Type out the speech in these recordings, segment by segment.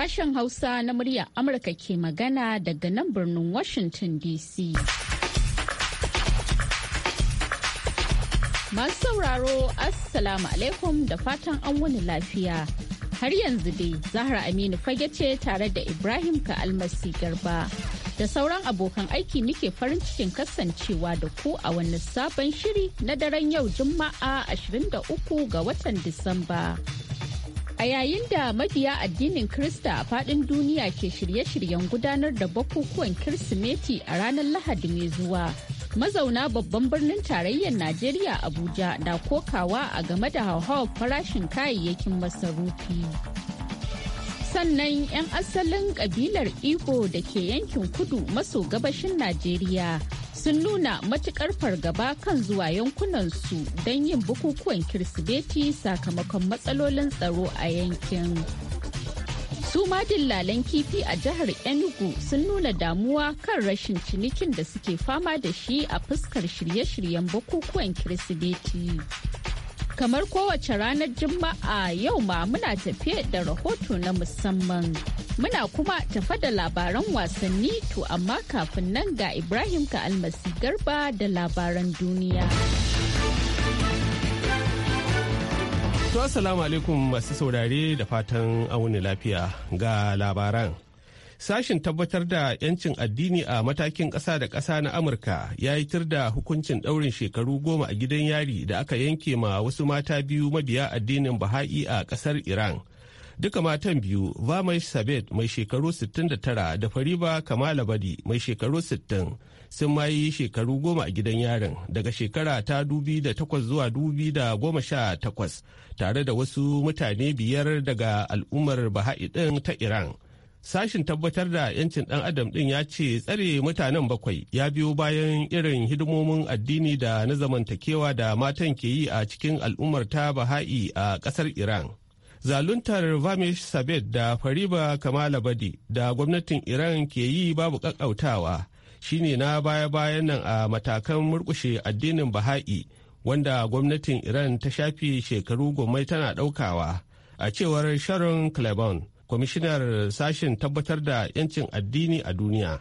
Sashen Hausa na murya Amurka ke magana daga nan birnin Washington DC. Masu sauraro, Assalamu alaikum da fatan an wani lafiya. Har yanzu dai Zahra Aminu fage ce tare da Ibrahim ka almasi Garba. Da sauran abokan aiki muke farin cikin kasancewa da ku a wani sabon shiri na daren yau Juma'a 23 ga watan Disamba. A yayin da mabiya addinin Krista a faɗin duniya ke shirye-shiryen gudanar da bukukuwan Kirsimeti a ranar Lahadi mai zuwa. Mazauna babban birnin tarayyar Najeriya Abuja na kokawa a game da hauhawar farashin kayayyakin masarufi. Sannan 'yan asalin ƙabilar Igbo da ke yankin kudu maso gabashin Najeriya sun nuna matukar fargaba kan zuwa yankunansu don yin bukukuwan kirsimeti sakamakon matsalolin tsaro a yankin. su ma dillalan kifi a jihar enugu sun nuna damuwa kan rashin cinikin da suke fama da shi a fuskar shirye-shiryen bukukuwan kirsimeti kamar kowace ranar Juma'a yau ma muna tafiye da rahoto na musamman. Muna kuma tafa da labaran wasanni to amma kafin nan ga Ibrahim ka almasi garba da labaran duniya. To, Assalamu alaikum masu saurare da fatan auni lafiya ga labaran. Sashen tabbatar da 'yancin addini a matakin ƙasa da ƙasa na Amurka ya yi tir da hukuncin ɗaurin shekaru goma a gidan yari da aka yanke ma wasu mata biyu mabiya addinin Baha'i a ƙasar Iran. Duka matan biyu, Vamish Sabet mai shekaru 69 da Fariba Kamala Badi mai shekaru 60 sun ma yi shekaru goma a gidan yarin daga shekara ta takwas zuwa goma sha takwas tare da wasu mutane biyar daga al'ummar Baha'i ɗin ta Iran. Sashen tabbatar da 'yancin ɗan adam ɗin ya ce tsare mutanen bakwai ya biyo bayan irin hidimomin addini da na zamantakewa da matan ke yi a cikin al'ummar ta Baha'i a ƙasar Iran. Zaluntar vamish Sabet da Fariba Kamala Badi da gwamnatin Iran ke yi babu ƙaƙƙautawa shine na baya-bayan nan a matakan murƙushe addinin Baha'i wanda gwamnatin Iran ta shafi shekaru tana ɗaukawa a cewar Sharon Claiborne. kwamishinar sashen tabbatar da 'yancin addini a duniya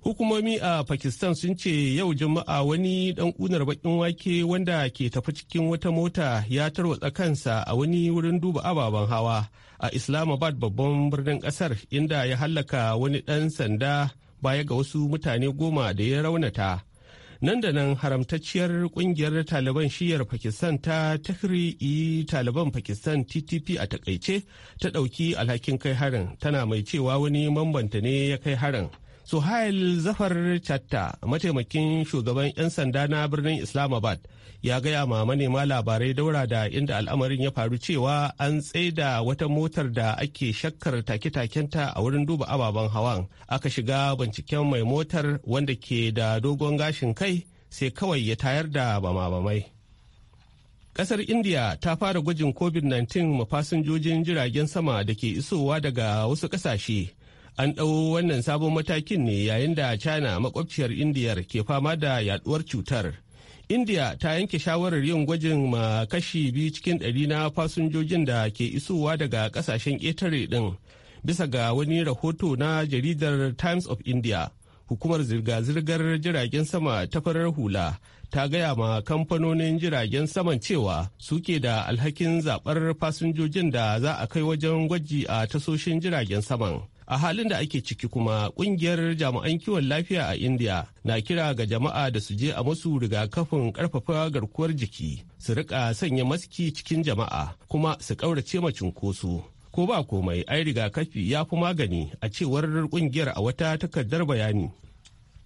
hukumomi a pakistan sun ce yau juma'a wani dan kunar bakin wake wanda ke tafi cikin wata mota ya tarwatsa kansa a wani wurin duba ababen hawa a islamabad babban birnin kasar inda ya hallaka wani dan sanda baya ga wasu mutane goma da ya raunata nan da nan haramtacciyar kungiyar taliban shiyar pakistan ta tahri'i taliban pakistan ttp a takaice ta ɗauki alhakin kai harin tana mai cewa wani mambanta ne ya kai harin Suhail Zafar Chatta, mataimakin shugaban 'yan sanda na birnin Islamabad, ya gaya ma manema labarai daura da inda al'amarin ya faru cewa an tsaida wata motar da ake shakkar take-takenta a wurin duba ababen hawan. Aka shiga binciken mai motar wanda ke da dogon gashin kai sai kawai ya tayar da bama-bamai. Kasar India ta fara gwajin COVID-19 ma fasinjojin jiragen sama da ke isowa daga wasu ƙasashe. an ɗau wannan sabon matakin ne yayin da china makwabciyar indiyar ke fama da yaduwar cutar indiya ta yanke shawarar yin gwajin ma kashi biyu cikin ɗari na fasinjojin da ke isowa daga ƙasashen ƙetare ɗin bisa ga wani rahoto na jaridar times of india hukumar zirga-zirgar jiragen sama ta farar hula ta gaya ma kamfanonin jiragen saman cewa suke da alhakin zaɓar fasinjojin da za a kai wajen gwaji a tasoshin jiragen saman a halin da ake ciki kuma kungiyar jami'an kiwon lafiya a india na kira ga jama'a da su je a masu rigakafin karfafa garkuwar jiki su rika sanya maski cikin jama'a kuma su kaurace ma cunkoso ko ba komai ai rigakafi ya fi magani a cewar kungiyar a wata takardar bayani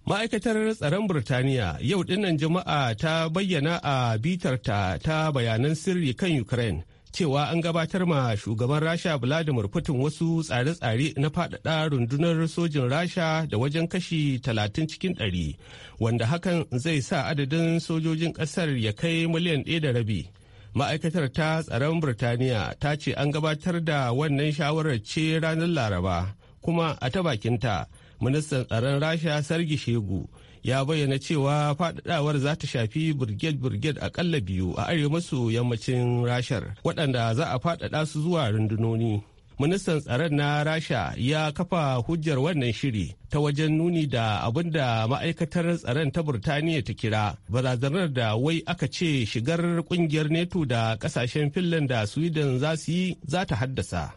ma'aikatar tsaron Birtaniya yau dinnan jama'a ta bayyana a bitarta ta bayanan sirri kan ukraine cewa an gabatar ma shugaban rasha vladimir putin wasu tsare-tsare na faɗaɗa rundunar sojin rasha da wajen kashi 30 cikin 100 wanda hakan zai sa adadin sojojin ƙasar ya kai miliyan ɗaya da rabi ma'aikatar ta tsaron birtaniya ta ce an gabatar da wannan shawarar ce ranar laraba kuma a ta bakinta ministan tsaron rasha sargi shegu ya bayyana cewa faɗaɗawar za ta shafi birged-birged akalla biyu a arewa maso yammacin rashar waɗanda za a faɗaɗa su zuwa rundunoni. ministan tsaron na rasha ya kafa hujjar wannan shiri ta wajen nuni da abin da ma'aikatar tsaron ta burtaniya ta kira barazanar da wai aka ce shigar kungiyar neto da kasashen finland da sweden za su yi za ta haddasa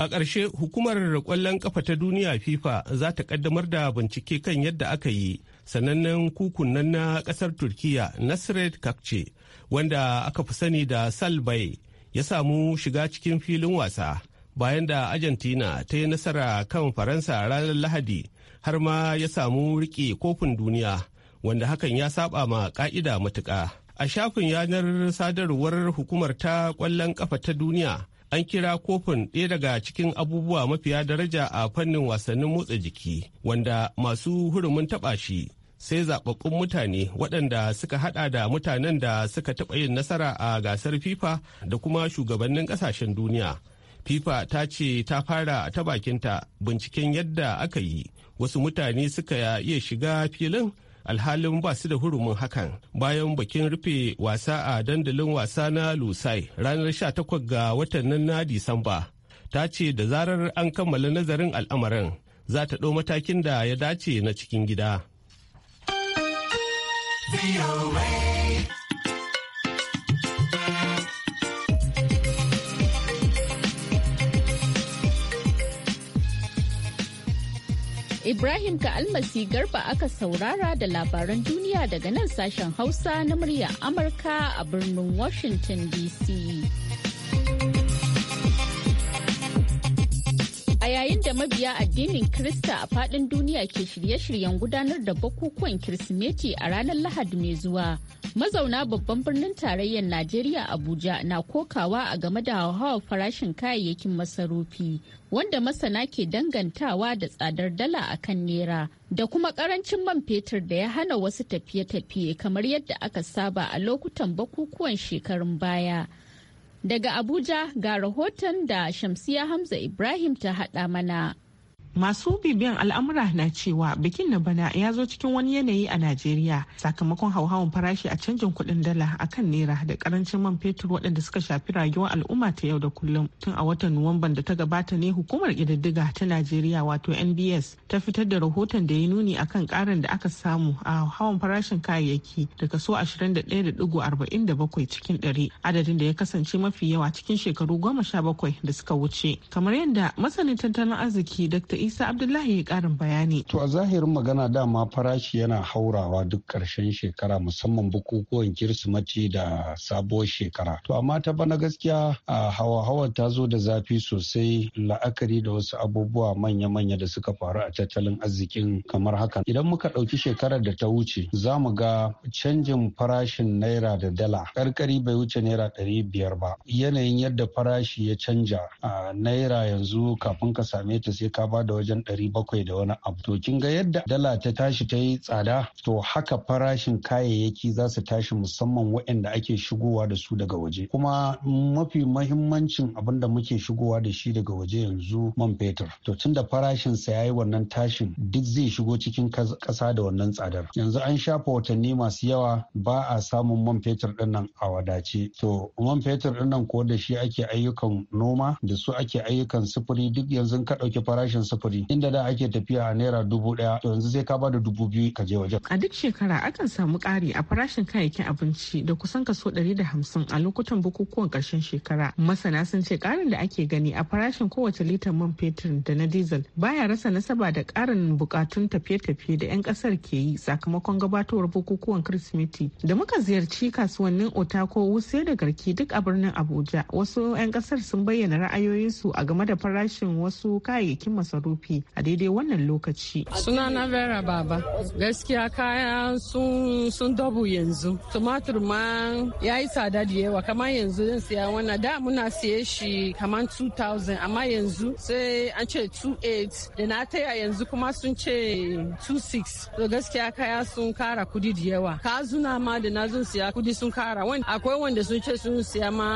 A ƙarshe hukumar ƙwallon ƙafa ta duniya FIFA za ta ƙaddamar da bincike kan yadda aka yi sanannen kukunan na ƙasar turkiyya Nasred Kakce wanda aka fi sani da Salbay ya samu shiga cikin filin wasa bayan da Argentina ta yi nasara kan Faransa ranar Lahadi har ma ya samu riƙe kofin duniya wanda hakan ya saba ma ƙa'ida matuƙa. A shafin yanar sadarwar hukumar ta ƙwallon ƙafa ta duniya an kira kofin ɗaya daga cikin abubuwa mafiya daraja a fannin wasannin motsa jiki wanda masu hurumin taɓa shi sai zaɓaɓɓun mutane waɗanda suka haɗa da mutanen da suka taɓa yin nasara a gasar fifa da kuma shugabannin ƙasashen duniya fifa ta ce ta fara ta bakinta binciken yadda aka yi wasu mutane suka iya shiga filin alhalin ba su da hurumin hakan bayan bakin rufe wasa a dandalin wasa na lusai ranar 18 ga watan nan na disamba ta ce da zarar an kammala nazarin al'amarin za ta ɗau matakin da ya dace na cikin gida. Ibrahim ka almasi garba aka saurara da labaran duniya daga nan sashen Hausa na murya Amurka a birnin Washington DC. da mabiya addinin kirista a faɗin duniya ke shirye-shiryen gudanar da bukukuwan Kirsimeti a ranar Lahadi mai zuwa. Mazauna babban birnin tarayyar Najeriya Abuja na kokawa a game da hauhawar farashin kayayyakin masarufi, wanda masana ke dangantawa da tsadar dala a kan nera, da kuma karancin man fetur da ya hana wasu tafiye-tafiye kamar yadda aka saba a lokutan bukukuwan shekarun baya. Daga Abuja ga rahoton da Shamsiya Hamza Ibrahim ta haɗa mana. Masu bibiyan al'amura na cewa bikin na bana ya zo cikin wani yanayi a Najeriya sakamakon hauhawan farashi a canjin kuɗin dala a kan naira da karancin man fetur waɗanda suka shafi rayuwar al'umma ta yau da kullum. Tun a watan Nuwamban da ta gabata ne hukumar ƙididdiga ta Najeriya wato NBS ta fitar da rahoton da ya nuni akan ƙarin da aka samu a hawan farashin kayayyaki da kaso 21.47 cikin ɗari adadin da ya kasance mafi yawa cikin shekaru goma sha bakwai da suka wuce. Kamar yadda masanin tattalin arziki Dr. Isa Abdullahi ya karin bayani. To a zahirin magana dama farashi yana haurawa duk ƙarshen shekara musamman bukukuwan Kirsimati da sabuwar shekara. To amma ta bana gaskiya a hawa-hawa ta zo da zafi sosai la'akari da wasu abubuwa manya-manya da suka faru a tattalin arzikin kamar haka. Idan muka ɗauki shekarar da ta wuce za mu ga canjin farashin naira da dala karkari bai wuce naira ɗari biyar ba. Yanayin yadda farashi ya canja a naira yanzu kafin ka same ta sai ka ba da wajen ɗari bakwai da wani abu to kin ga yadda dala ta tashi ta yi tsada to haka farashin kayayyaki za su tashi musamman waɗanda ake shigowa da su daga waje kuma mafi mahimmancin abin da muke shigowa da shi daga waje yanzu man fetur to tun da farashin sa yayi wannan tashin duk zai shigo cikin kasa da wannan tsadar yanzu an shafa watanni masu yawa ba a samun man fetur ɗin nan a wadace to man fetur ɗin nan ko da shi ake ayyukan noma da su ake ayyukan sufuri duk yanzu ka ɗauki farashin su. sufuri inda da ake tafiya a naira dubu daya to yanzu sai ka ba da dubu biyu ka je wajen. A duk shekara akan samu ƙari a farashin kayayyakin abinci da kusan kaso ɗari da hamsin a lokutan bukukuwan ƙarshen shekara. Masana sun ce ƙarin da ake gani a farashin kowace litar man fetur da na diesel baya rasa nasaba da ƙarin buƙatun tafiye-tafiye da 'yan ƙasar ke yi sakamakon gabatowar bukukuwan Kirsimeti. Da muka ziyarci kasuwannin Otako Wuse da Garki duk a birnin Abuja wasu 'yan ƙasar sun bayyana ra'ayoyinsu a game da farashin wasu kayayyakin masarufi. rufe a daidai wannan lokaci. Sunana Vera Baba, gaskiya kaya sun sun dabu yanzu. Tumatur ma ya yi tsada da yawa, kamar yanzu zan siya wannan da muna siye shi kamar 2000 amma yanzu sai an ce 28 da na taya yanzu kuma sun ce 26. To gaskiya kaya sun kara kudi da yawa. Kazuna ma da na zan siya kudi sun kara. Akwai wanda sun ce sun siya ma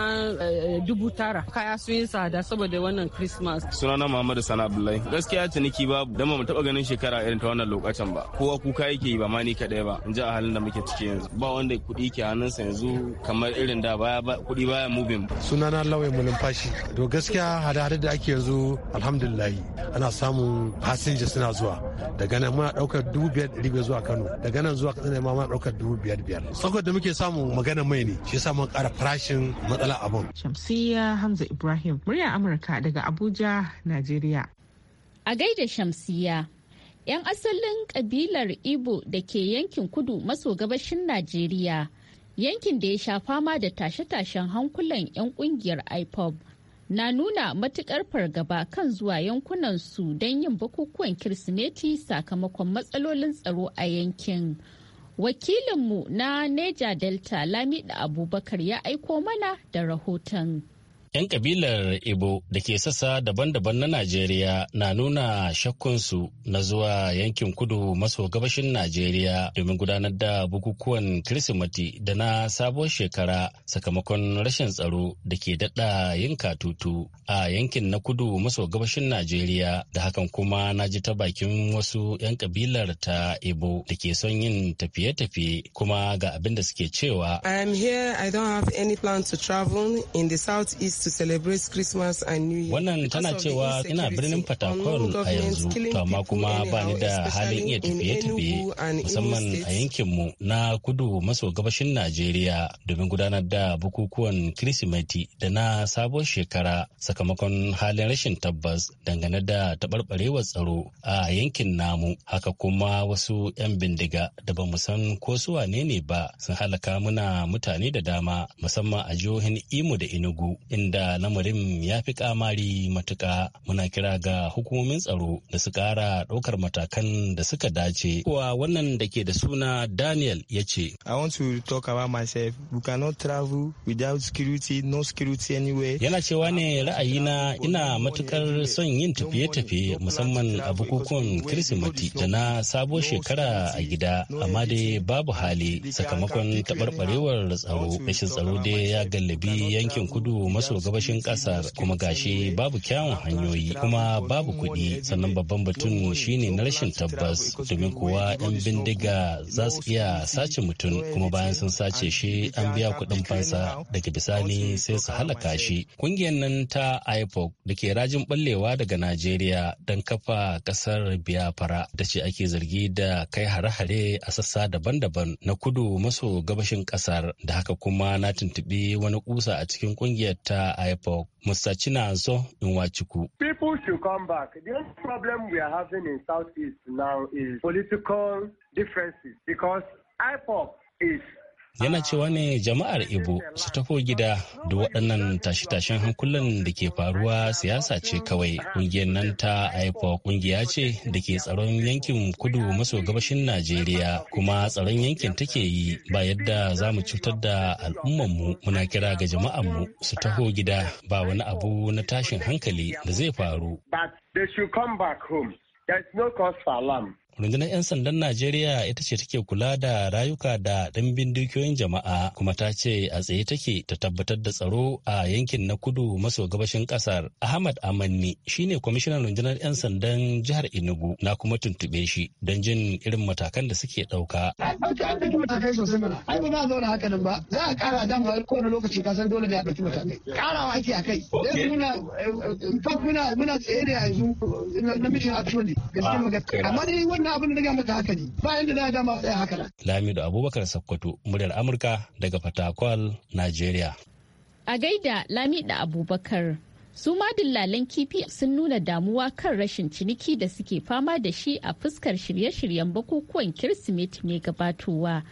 eh, dubu tara. Kaya sun yi tsada saboda wannan Christmas. Sunana Muhammadu Sana Abdullahi. gaskiya ciniki babu dan mu taba ganin shekara irin ta wannan lokacin ba kowa kuka yake yi ba ma ni kadai ba in ji a halin da muke ciki yanzu ba wanda kuɗi ke hannunsa yanzu kamar irin da baya kuɗi baya mubin sunana lawai fashi to gaskiya hada-hada da ake yanzu alhamdulillah ana samun fasinja suna zuwa daga nan muna daukar dubu biyar ɗari zuwa kano daga nan zuwa katsina ma muna daukar dubu biyar biyar saboda da muke samun magana mai ne shi yasa mun ƙara farashin matsala abun shamsiyya hamza ibrahim murya amurka daga abuja najeriya A gaida Shamsiya, 'yan asalin kabilar Igbo da ke yankin kudu maso gabashin Najeriya, yankin da ya sha fama da tashe-tashen hankulan 'yan kungiyar IPOB na nuna matukar fargaba kan zuwa yankunan su don yin bukukuwan Kirsimeti sakamakon matsalolin tsaro a yankin. Wakilinmu na Neja Delta Lamida Abubakar ya aiko mana da rahoton. 'Yan kabilar Ibo da ke sassa daban-daban na Najeriya na nuna shakkunsu na zuwa yankin kudu maso gabashin Najeriya domin gudanar da bukukuwan Kirsimati da na sabuwar shekara sakamakon rashin tsaro da ke daɗa yin katutu a yankin na kudu maso gabashin Najeriya da hakan kuma na ji ta bakin wasu 'yan kabilar ta Ibo da ke son yin tafiye-tafiye kuma ga abin da suke cewa. I am here, I don't have any plan to travel in the southeast to celebrate Christmas and New Year. Wannan tana cewa ina birnin Fatakon a yanzu, to amma kuma ba ni da halin iya tafiye-tafiye musamman a yankinmu na kudu maso gabashin Najeriya domin gudanar da bukukuwan Kirsimeti da na Sabon shekara sakamakon halin rashin tabbas dangane da taɓarɓarewar tsaro a yankin namu. Haka kuma wasu 'yan bindiga da ba san ko su wane ne ba sun halaka muna mutane da dama musamman a jihohin Imo da Inugu. inda da lamarin ya fi kamari matuka muna kira ga hukumomin tsaro da su kara ɗaukar matakan da suka dace kuwa wannan da ke da suna daniel ya ce i want to talk about myself we cannot travel without security no security anywhere yana cewa ne ra'ayina ina matukar son yin tafiye-tafiye musamman a bukukuwan kirsimati da na sabuwar shekara a gida amma dai babu hali sakamakon taɓarɓarewar tsaro rashin tsaro dai ya gallabi yankin kudu maso gabashin kasar kuma gashi babu kyawun hanyoyi kuma babu kuɗi sannan babban batun shine na rashin tabbas domin kuwa 'yan bindiga za su iya sace mutum kuma bayan sun sace shi an biya kuɗin fansa daga bisani sai su halaka shi kungiyar nan ta ipoc da ke rajin ɓallewa daga najeriya don kafa kasar biafra da ce ake zargi da kai hare-hare a sassa daban-daban na kudu maso gabashin kasar da haka kuma na tuntubi wani kusa a cikin kungiyar ta IPOC, Mr. Chinanso People should come back. The only problem we are having in Southeast now is political differences because IPOC is yana cewa ne jama'ar ibo su tafo gida da waɗannan tashe-tashen hankulan da ke faruwa siyasa ce kawai ƙungiyar nan ta haifa ƙungiya ce da ke tsaron yankin kudu maso gabashin najeriya kuma tsaron yankin take yi ba yadda za mu cutar da al'ummanmu muna kira ga jama'anmu su taho gida ba wani abu na tashin hankali da zai faru But they should come back rundunar 'yan sandan najeriya ita ce take kula da rayuka da ɗimbin dukiyoyin jama'a kuma ta ce a tsaye take ta tabbatar da tsaro a yankin na kudu maso gabashin ƙasar ahmad amanni shine kwamishinan rundunar 'yan sandan jihar enugu na kuma tuntuɓe shi don jin irin matakan da suke ɗauka. za a ba lokaci dole ne a a kai eh, eh, muna muna wannan abin da ga maka haka ne bayan da dama tsaye haka nan Lamido Abubakar Sakkwato muryar Amurka daga Fatakwal Najeriya. A gaida Lamido Abubakar su dillalan kifi sun nuna damuwa kan rashin ciniki da suke fama da shi a fuskar shirye-shiryen bukukuwan kirsimeti mai gabatowa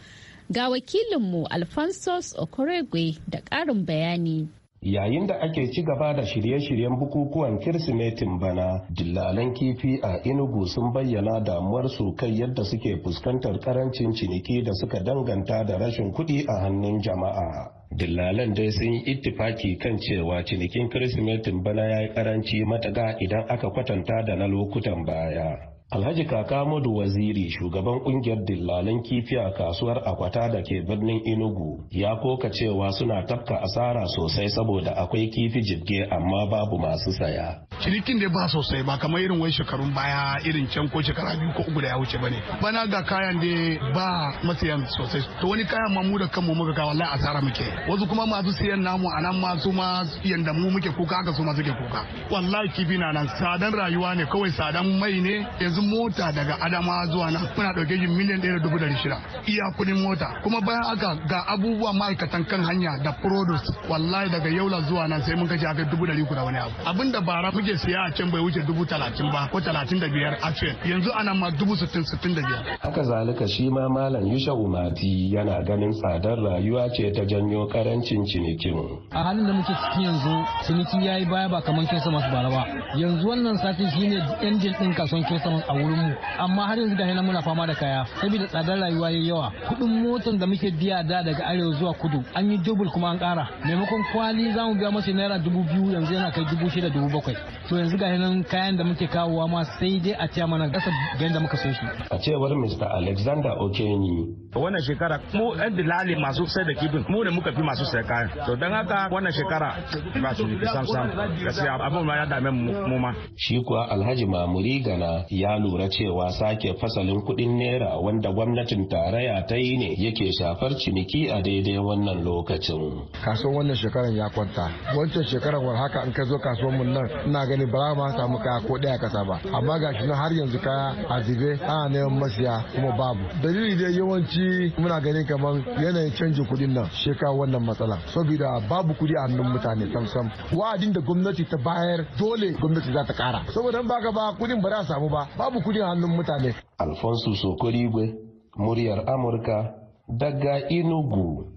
ga wakilinmu Alfonso okoregwe da ƙarin bayani yayin da ake ci gaba da shirye-shiryen bukukuwan kirsimetin bana dillalan kifi a inugu sun bayyana damuwarsu kai yadda suke fuskantar karancin ciniki da suka danganta da rashin kuɗi a hannun jama'a dillalan dai sun yi ittifaki kan cewa cinikin kirsimetin bana ya yi karanci mataga idan aka kwatanta da na lokutan baya Alhaji Kaka Madu Waziri shugaban kungiyar dillalan kifi a kasuwar Akwata da ke birnin Enugu ya koka cewa suna tafka asara sosai saboda akwai kifi jibge amma babu masu saya. Cinikin da ba sosai ba kamar irin wai shekarun baya irin can ko shekara biyu ko uku da ya wuce bane. Bana ga kayan da ba masayan sosai. To wani kayan ma mu da kanmu muka ga wallahi asara muke. Wasu kuma masu siyan namu a nan ma su ma yanda mu muke kuka haka su ma suke kuka. Wallahi kifi na nan sadan rayuwa ne kawai sadan mai ne yanzu kudin mota daga adama zuwa nan muna dauke shi miliyan ɗaya da dubu ɗari shida iya kudin mota kuma bayan aka ga abubuwa ma'aikatan kan hanya da produce wallahi daga yaula zuwa nan sai mun kashe aka dubu ɗari kuda wani abu abin da bara muke siya a can bai wuce dubu talatin ba ko talatin da biyar a can yanzu ana ma dubu sittin sittin da biyar. haka zalika shi ma malam yusha umati yana ganin tsadar rayuwa ce ta janyo karancin cinikin. a halin da muke ciki yanzu ciniki ya yi baya ba kamar masu bara ba yanzu wannan sati shine yan ɗin kasuwan masu a wurinmu amma har yanzu gashi nan muna fama da kaya saboda tsadar rayuwa yayi yawa kudin motar da muke biya da daga arewa zuwa kudu an yi dubul kuma an kara maimakon kwali za mu biya masa naira dubu biyu yanzu yana kai dubu shida dubu bakwai to yanzu gashi nan kayan da muke kawowa ma sai dai a ce mana gasa gayan muka so shi a cewar Mr Alexander okeni wannan shekara mu ɗan dilali masu sai da kifin mu ne muka fi masu sai kayan to dan haka wannan shekara ba su sam sam gaskiya abin ma ya dame mu ma shi kuwa Alhaji Mamuri Gana ya lura cewa sake fasalin kuɗin naira wanda gwamnatin tarayya ta yi ne yake shafar ciniki a daidai wannan lokacin. Kasuwan wannan shekaran ya kwanta. Wancan shekaran war haka in ka zo kasuwan mun nan ina gani ba za mu samu kaya ko daya kasa ba. Amma ga shi har yanzu kaya a zibe ana neman masiya kuma babu. Dalili dai yawanci muna ganin kamar yanayin canjin kuɗin nan shekara wannan matsala. Saboda babu kuɗi a hannun mutane sam sam. Wa'adin da gwamnati ta bayar dole gwamnati za ta ƙara. Saboda in baka ba kuɗin ba za a samu ba. babu kudin hannun mutane. Alfonso Sokorigwe, muryar Amurka daga Inugu,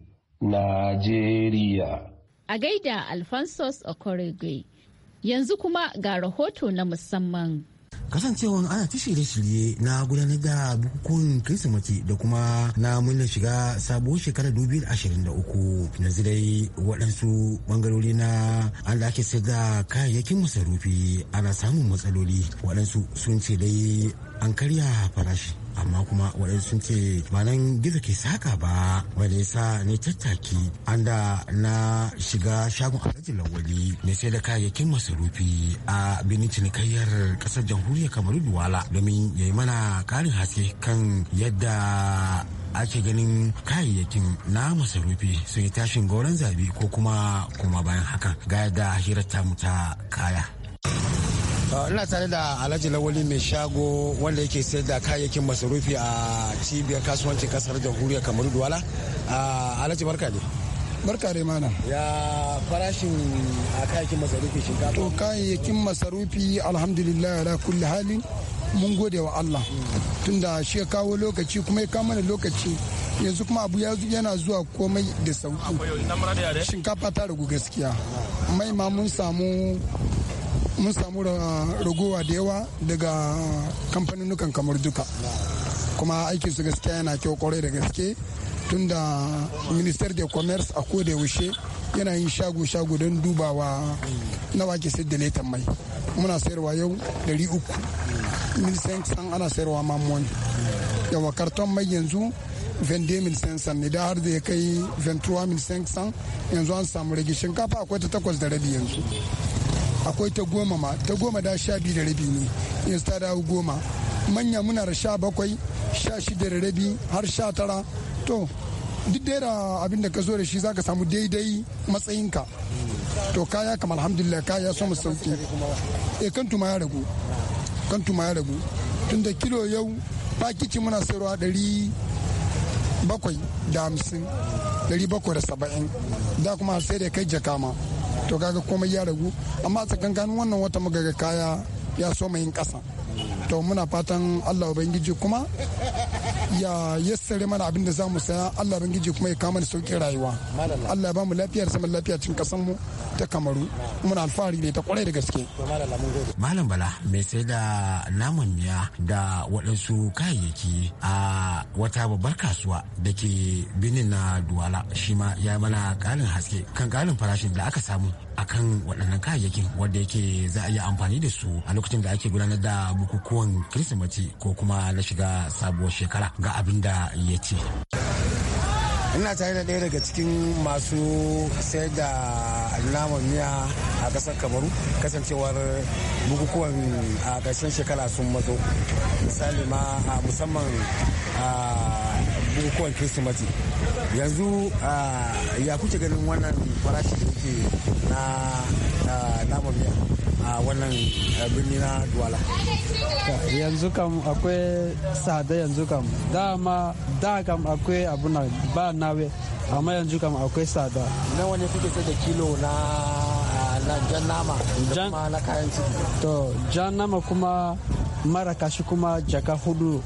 Najeriya. A gaida Alfonso Sokorigwe, yanzu kuma ga rahoto na musamman. kasancewan ana ta shirye-shirye na gudanar da bukukuwan kirsimati da kuma na murnar shiga sabuwar shekarar 2023 yanzu dai waɗansu bangarori na an da ake sayar da kayayyakin masarufi ana samun matsaloli waɗansu sun ce dai an karya farashi amma kuma waɗansu sun ce ba nan gizo ke saka ba wanda yasa sa ne tattaki an da na shiga shagon alhaji lawali ne sai da kayayyakin masarufi a birnin cinikayyar ƙasar jamhuriyar kamaru duwala domin ya yi mana ƙarin haske kan yadda ake ganin kayayyakin na masarufi sun yi tashin gauran zabi ko kuma kuma bayan hakan ga yadda hirar ta kaya. ina tare da alhaji lawali mai shago wanda yake sayar da kayayyakin masarufi a cibiyar kasuwancin kasar jamhuriyar kamaru duwala alhaji barka ne barka dai mana ya farashin a kayayyakin masarufi shinkafa to kayayyakin masarufi alhamdulillah ala kulli halin mun gode wa Allah tunda shi ya kawo lokaci kuma ya kawo mana lokaci yanzu kuma abu yana zuwa komai da sauki shinkafa ta ragu gaskiya mai ma mun samu mun samu ragowa da yawa daga kamfanunukan kamar duka kuma aikin su gaskiya yana kyau kwarai da gaske tunda minister de commerce a koda yaushe yana yin shago-shago don dubawa na wake sayar da letan mai muna sayarwa yau 300 milisan san ana sayarwa mamoni yawa karton mai yanzu 22,500 ne da har da ya kai 23,500 yanzu an samu rage shinkafa akwai ta takwas da rabi yanzu akwai ta goma ma ta goma da sha biyu da rabi ne in ta dawo goma manya muna da sha bakwai sha shida da rabi har sha tara to duk da abin da ka zo da shi zaka samu daidai matsayinka to kaya kam alhamdulillah kaya so mu sauki e eh, kan tuma ya ragu kan tuma ya ragu tunda kilo yau pakicin muna sayarwa ɗari bakwai da hamsin ɗari bakwai da saba'in da kuma sai da kai jaka ma to kaga komai ya ragu amma tsakankanin wannan wata muka ga kaya ya so yin kasa to muna fatan allah ubangiji kuma ya yassare mana abin da za mu saya Allah bangiji kuma ya kama da sauƙin rayuwa Allah ya ba mu lafiyar saman lafiya cin kasan mu ta Kamaru muna alfahari ne ta kwarai da gaske Malam Bala mai sai da naman miya da waɗansu kayayyaki a wata babbar kasuwa da ke binin na Duwala shi ma ya mana ƙarin haske kan ƙarin farashin da aka samu akan waɗannan kayayyakin wanda yake za a yi amfani da su a lokacin da ake gudanar da bukukuwan kirsimeti ko kuma na shiga sabuwar shekara ga abin da ya ce ina tare da ɗaya daga cikin masu sayar da naman miya a ƙasar kamaru kasancewar bukukuwan a ƙarshen shekara sun mazo misali ma musamman bukukuwan kirsimati yanzu ah, ya kuke ganin wannan farashi da yake na ah, naman miya a wannan eh, birni na duwala yanzu kam akwai sada yanzu kam dama da kam akwai abuna ba nawe amma yanzu kam akwai sada nawa ne kuke sai da kilo na ah, na jan nama da kuma na kayan ciki to jan nama kuma mara kashi kuma jaka hudu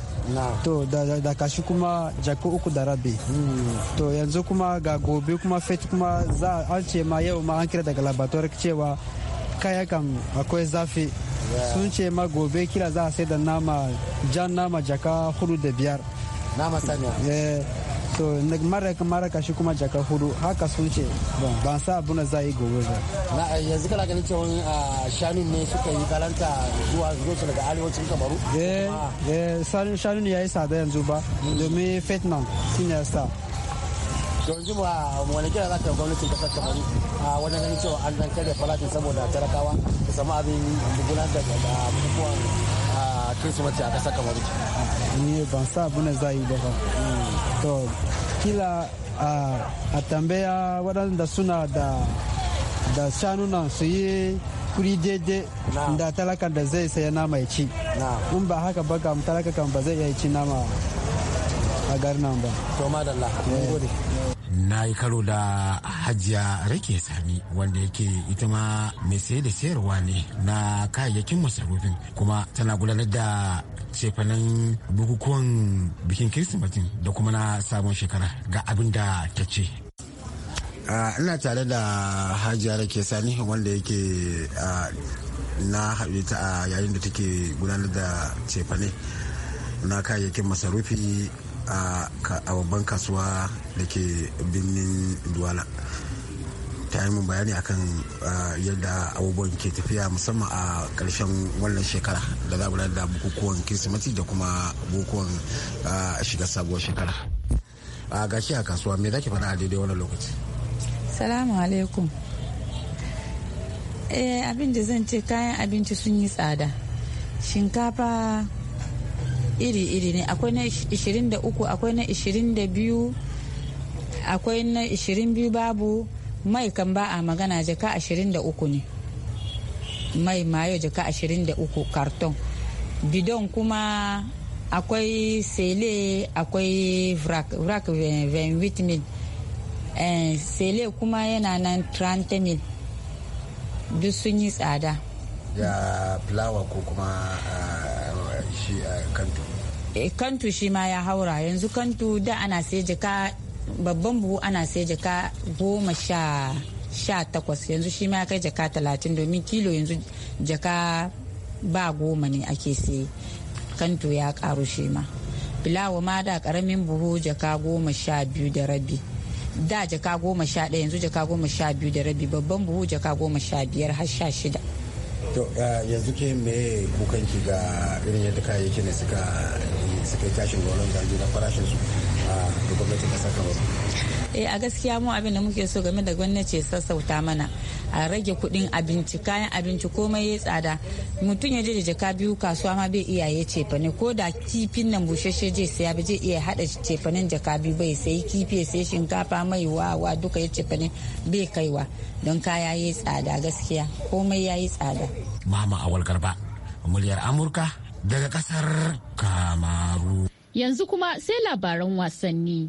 to da kashi kuma jako uku da rabi hmm. to yanzu kuma ga gobe kuma fet kuma za an ce ma yau ma an kira daga labator cewa kaya kam akwai zafi sun ce ma gobe kira za a sai da nama jan nama jaka hudu da biyar nama saniya eh, so ka shi kuma jaka hudu haka sun ce ban sa abuna za yi gobe ba eh, yanzu kana ganin cewa ah, shanun ne suka yi galanta zuwa zuwa daga arewacin kamaru eh, eh shanun ya yi sada yanzu ba hmm. domin fetnam senior star yanzu ba wani kira za ka gwamnatin kasar kamaru a ah, wajen ganin cewa an dan karya farashin saboda talakawa da sama abin gudanar da bukuwa. kirsimati a ƙasar kamaru ni ban sa za yi ba to kila a tambaya waɗanda suna da da shanunan su yi kuri jeje da talakan da zai saya nama ya ci in ba haka ba kam talaka kan ba zai iya ci nama a garin nan ba to madalla mun gode na yi karo da hajiya rake sami wanda yake ita ma mai sayar da sayarwa ne na kayayyakin masarufin kuma tana gudanar da cefanen bukukuwan bikin kirsimatin da kuma na sabon shekara ga abin da ta ce ina tare da hajiya rake sani wanda yake na haɗe ta yayin da take gudanar da cefane na kayayyakin masarufi a babban kasuwa da ke birnin duwala ta yi mun bayani akan yadda abubuwan ke tafiya musamman a ƙarshen wannan shekara da za mu da bukukuwan kirsimeti da kuma bukukuwan shiga sabuwar shekara a gashi a kasuwa me zaki fara a daidai wannan lokaci salamu alaikum eh abin da zan ce kayan abinci sun yi tsada shinkafa iri-iri ne akwai na 23 akwai na 22 akwai na 22 babu mai kan ba a magana jaka 23 ne mai mayo jaka 23 karton bidon kuma akwai sele akwai vrak vrak 28 mil eh, sele kuma yana nan 30 mil duk sun yi tsada ya fulawa ko kuma ah, shi a kantu eh, kantu shi ma ya haura yanzu kantu da ana sai jika babban buhu ana sai jika goma sha sha takwas yanzu shi ma ya kai jaka talatin domin kilo yanzu jaka ba goma ne ake sai kantu ya karu shi ma bilawa ma da karamin buhu jaka goma sha biyu da rabi da jaka goma sha ɗaya yanzu jaka goma sha biyu da rabi babban buhu jaka goma sha biyar har sha shida to eh, yanzu ke me kukanki ga irin yadda kayayyaki ne suka suka yi tashin gwanon zargi na farashin su a ah, gwamnatin kasar kamaru eh a gaskiya mu abin da muke so game da gwamnati sassauta mana a rage kuɗin abinci kayan abinci komai ya tsada mutum ya je da jaka biyu kasuwa ma bai iya ya cefane ko da kifin nan bushashe je saya ba zai iya hada cefanen jaka biyu bai sai kifi ya sai shinkafa mai wawa duka ya cefane bai kaiwa don kaya ya tsada gaskiya komai ya yi tsada mama awal garba muryar amurka daga kasar kamaru yanzu kuma sai labaran wasanni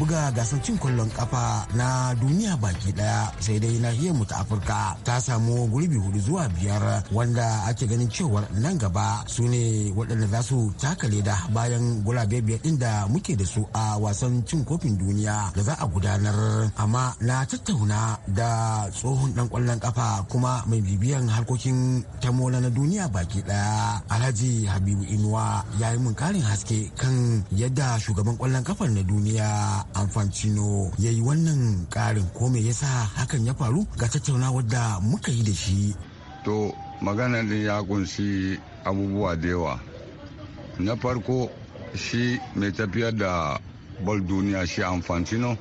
buga gasar cin kwallon kafa na duniya baki daya sai dai nahiyar mu ta afirka ta samu gurbi hudu zuwa biyar wanda ake ganin cewar nan gaba su ne waɗanda za su taka leda bayan gulabe biyar ɗin da muke da su a wasan cin kofin duniya da za a gudanar amma na tattauna da tsohon dan kwallon kafa kuma mai bibiyan harkokin tamola na duniya baki daya alhaji habibu inuwa ya yi mun karin haske kan yadda shugaban kwallon kafar na duniya Amfancino ya yi wannan ƙarin ko me yasa hakan ya faru ga tattaunawar da muka yi da shi. To maganar ya kunshi abubuwa da yawa. Na farko shi mai tafiyar da bal duniya shi Amfancino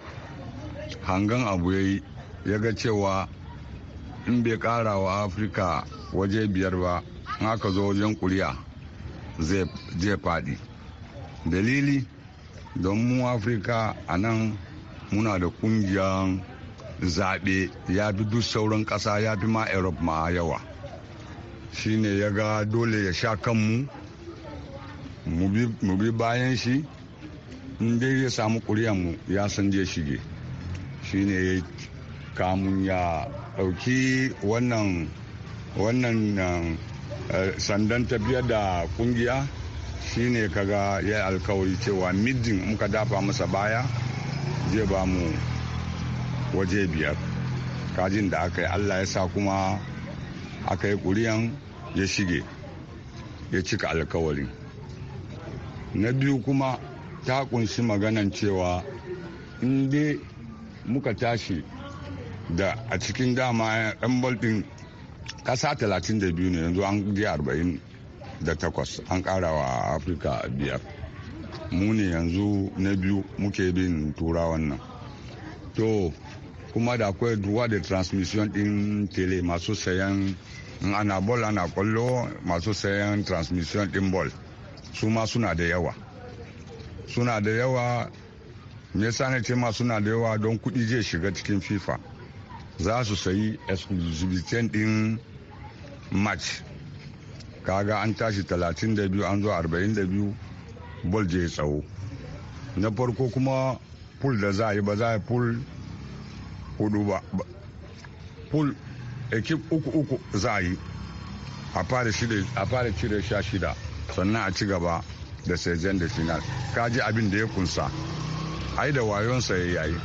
hangan abu ya yi ya ga cewa in bai kara wa afirka waje biyar ba aka zo wajen kuriya zai fadi dalili don mu afirka a nan muna da kungiyar zaɓe ya fi duk sauran ƙasa ya fi ma europe ma yawa Shi ne ya ga dole ya sha kanmu mu bi bayan shi in dai ya samu mu ya san je shige Shi ne ya kamun ya ɗauki wannan eh, sandan tafiya da kungiya shine kaga ya alkawari cewa middin muka dafa masa baya zai ba mu waje biyar kajin da aka yi allah ya sa kuma aka yi kuriyan ya shige ya cika alkawari na biyu kuma ta kunshi maganan cewa in dai muka tashi da a cikin dama yan balɗin kasa 32 ne yanzu an je da takwas an karawa a afirka biyar mu ne yanzu na biyu muke bin tura wannan to kuma da akwai duwa da transmission din tele masu sayan ana bol ana kwallo masu sayan transmission din bol su ma suna da yawa suna da yawa me sani na ce ma suna da yawa don kudi zai shiga cikin fifa za su sayi exclusivity din match kaga an tashi 32 an zo 42 bol je tsawo na farko kuma pul da za a yi ba za a yi pul hudu ba pul ekip uku uku za a yi a fara cire sha shida sannan a ci gaba da sejan da final kaji abin da ya kunsa ai da sa ya yayi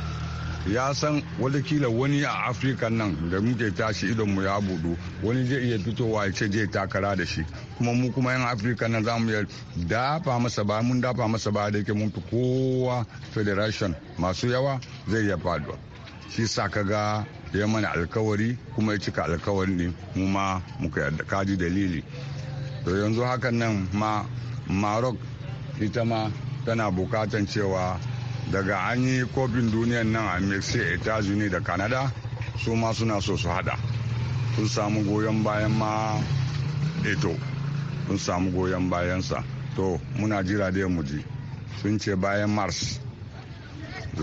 ya san watakila wani a afirka nan da muke tashi mu ya budu wani zai iya fitowa ya ce zai takara da shi kuma mu kuma yan afirka nan zamu iya dafa masa ba mun dafa masa ba da yake mun kowa federation masu yawa zai iya faduwa shi sa ka ga ya mana alkawari kuma ya cika alkawari ne mu ma muka yarda kaji dalili to yanzu hakan nan ma marok ita ma tana bukatan cewa daga an yi kofin duniyan nan a mexico etats unis da canada su ma suna so su hada sun samu goyon bayan ma eto sun samu goyon bayansa to muna jira da mu ji sun ce bayan mars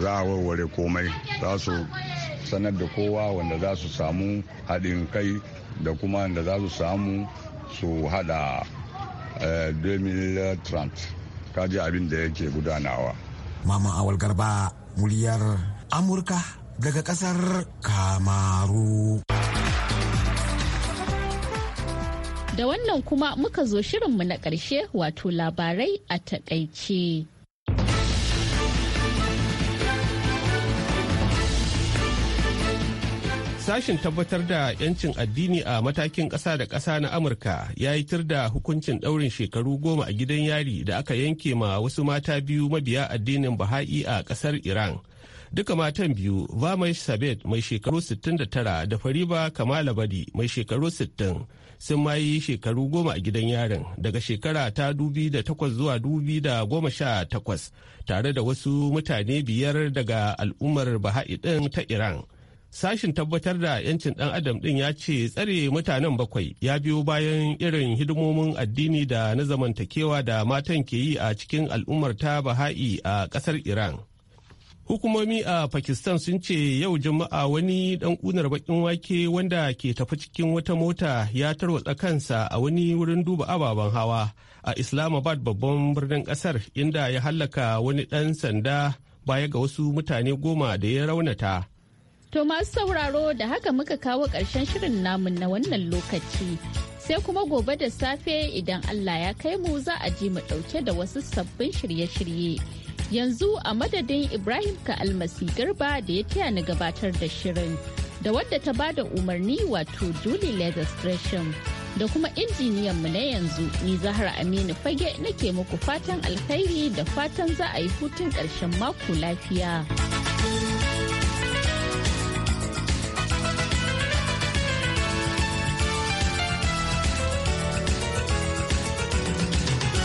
za a warware komai za su sanar da kowa wanda za su samu haɗin kai da kuma wanda za su samu su hada eh, 2030 kaji abin da yake gudanawa Mama Awal Garba muryar Amurka daga kasar Kamaru. Da wannan kuma muka zo shirinmu na ƙarshe wato labarai a taƙaice. Sashen tabbatar da 'yancin addini a matakin ƙasa da kasa na Amurka ya yi tir da hukuncin ɗaurin shekaru goma a gidan yari da aka yanke ma wasu mata biyu mabiya addinin Baha'i a ƙasar Iran. Duka matan biyu, Vamish Sabet mai shekaru 69 da Fariba Kamala Badi mai shekaru 60 sun mayi shekaru goma a gidan yarin daga shekara ta dubi da takwas zuwa dubi da goma sha takwas tare da wasu mutane biyar daga al'ummar Baha'i ɗin ta Iran. sashen tabbatar da 'yancin ɗan adam ɗin ya ce tsare mutanen bakwai ya biyo bayan irin hidimomin addini da na zamantakewa da matan ke yi a cikin al'ummar ta Baha'i a ƙasar Iran. Hukumomi a Pakistan sun ce yau Juma'a wani ɗan ƙunar baƙin wake wanda ke tafi cikin wata mota ya tarwatsa kansa a wani wurin duba ababen hawa a Islamabad babban birnin ƙasar inda ya hallaka wani ɗan sanda baya ga wasu mutane goma da ya raunata To masu sauraro da haka muka kawo ƙarshen shirin namun na wannan lokaci. Sai kuma gobe da safe idan Allah ya kai mu za a ji mu ɗauke da wasu sabbin shirye-shirye. Yanzu a madadin Ibrahim ka almasi garba da ya taya ni gabatar da shirin. Da wadda ta ba da umarni wato Julie Leather da kuma injiniyan mu na yanzu ni zahar Aminu Fage nake muku fatan alkhairi da fatan za a yi hutun ƙarshen mako lafiya.